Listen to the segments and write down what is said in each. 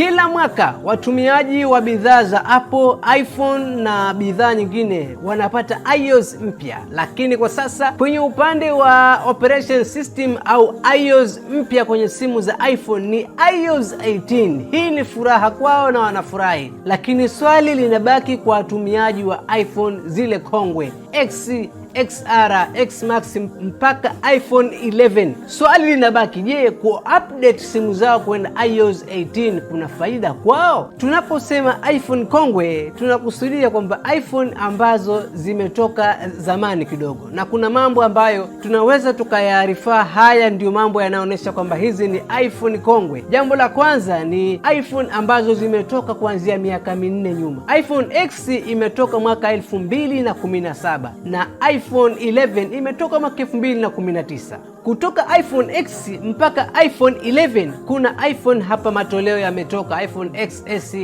Kila mwaka watumiaji wa bidhaa za Apple, iPhone na bidhaa nyingine wanapata iOS mpya, lakini kwa sasa kwenye upande wa operation system au iOS mpya kwenye simu za iPhone ni iOS 18. Hii ni furaha kwao na wanafurahi, lakini swali linabaki kwa watumiaji wa iPhone zile kongwe X XR, X Max mpaka iPhone 11. Swali linabaki, je, update simu zao kwenda iOS 18 kuna faida kwao? Tunaposema iPhone kongwe, tunakusudia kwamba iPhone ambazo zimetoka zamani kidogo, na kuna mambo ambayo tunaweza tukayaarifa Haya ndiyo mambo yanayoonyesha kwamba hizi ni iPhone kongwe. Jambo la kwanza ni iPhone ambazo zimetoka kuanzia miaka minne nyuma. iPhone X imetoka mwaka 2017 na iPhone iPhone 11 imetoka mwaka 2019. Kutoka iPhone X mpaka iPhone 11 kuna iPhone hapa, matoleo yametoka iPhone XS,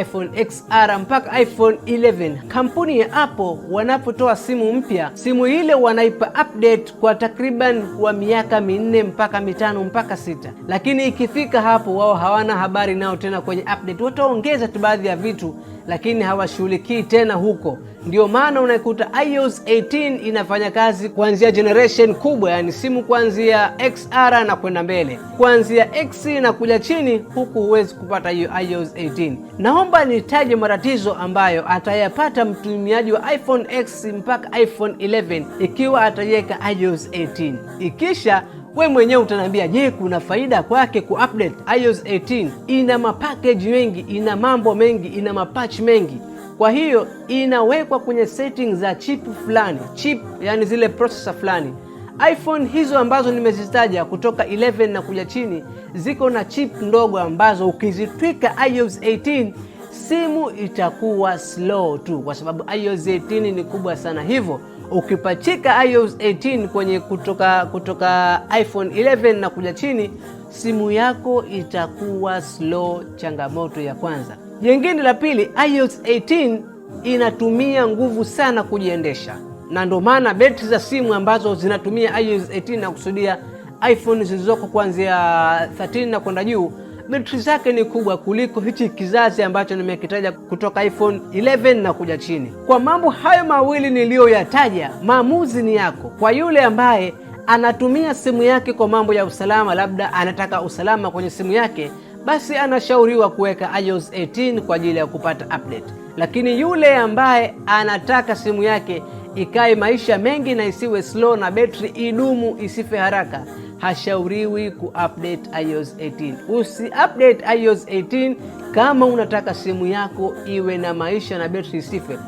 iPhone XR mpaka iPhone 11. Kampuni ya Apple wanapotoa simu mpya, simu ile wanaipa update kwa takriban kwa miaka minne mpaka mitano mpaka sita, lakini ikifika hapo wao hawana habari nao tena kwenye update. Wataongeza tu baadhi ya vitu, lakini hawashughulikii tena huko. Ndio maana unaikuta iOS 18 inafanya kazi kuanzia generation kubwa, yani simu kwa kuanzia XR na kwenda mbele, kuanzia X na kuja chini, huku huwezi kupata hiyo iOS 18. Naomba nitaje matatizo ambayo atayapata mtumiaji wa iPhone X mpaka iPhone 11 ikiwa ataiweka iOS 18. Ikisha we mwenyewe utaniambia, je, kuna faida kwake update iOS 18? Ina mapakeji mengi, ina mambo mengi, ina mapatch mengi kwa hiyo inawekwa kwenye settings za chip fulani, chip yani zile processor fulani iPhone hizo ambazo nimezitaja kutoka 11 na kuja chini ziko na chip ndogo ambazo ukizitwika iOS 18 simu itakuwa slow tu, kwa sababu iOS 18 ni kubwa sana. Hivyo ukipachika iOS 18 kwenye kutoka, kutoka iPhone 11 na kuja chini simu yako itakuwa slow. Changamoto ya kwanza. Jengine la pili, iOS 18 inatumia nguvu sana kujiendesha na ndio maana betri za simu ambazo zinatumia iOS 18 na kusudia iPhone zilizoko kuanzia 13 na kwenda juu betri zake ni kubwa kuliko hichi kizazi ambacho nimekitaja kutoka iPhone 11 na kuja chini. Kwa mambo hayo mawili niliyoyataja, maamuzi ni yako. Kwa yule ambaye anatumia simu yake kwa mambo ya usalama, labda anataka usalama kwenye simu yake, basi anashauriwa kuweka iOS 18 kwa ajili ya kupata update. Lakini yule ambaye anataka simu yake ikae maisha mengi na isiwe slow, na betri idumu isife haraka, hashauriwi kuupdate iOS 18. Usi update iOS 18 kama unataka simu yako iwe na maisha na betri isife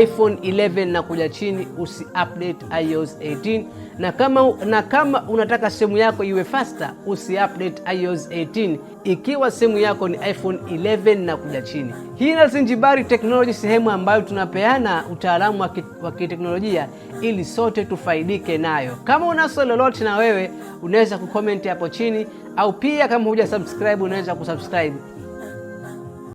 iPhone 11 na kuja chini usi update iOS 18, na kama, na kama unataka simu yako iwe faster usi update iOS 18 ikiwa simu yako ni iPhone 11 na kuja chini. Hii ni Alzenjbary Technology, sehemu ambayo tunapeana utaalamu wa kiteknolojia ili sote tufaidike nayo. Kama una swali lolote, na wewe unaweza kukomenti hapo chini, au pia kama huja subscribe unaweza kusubscribe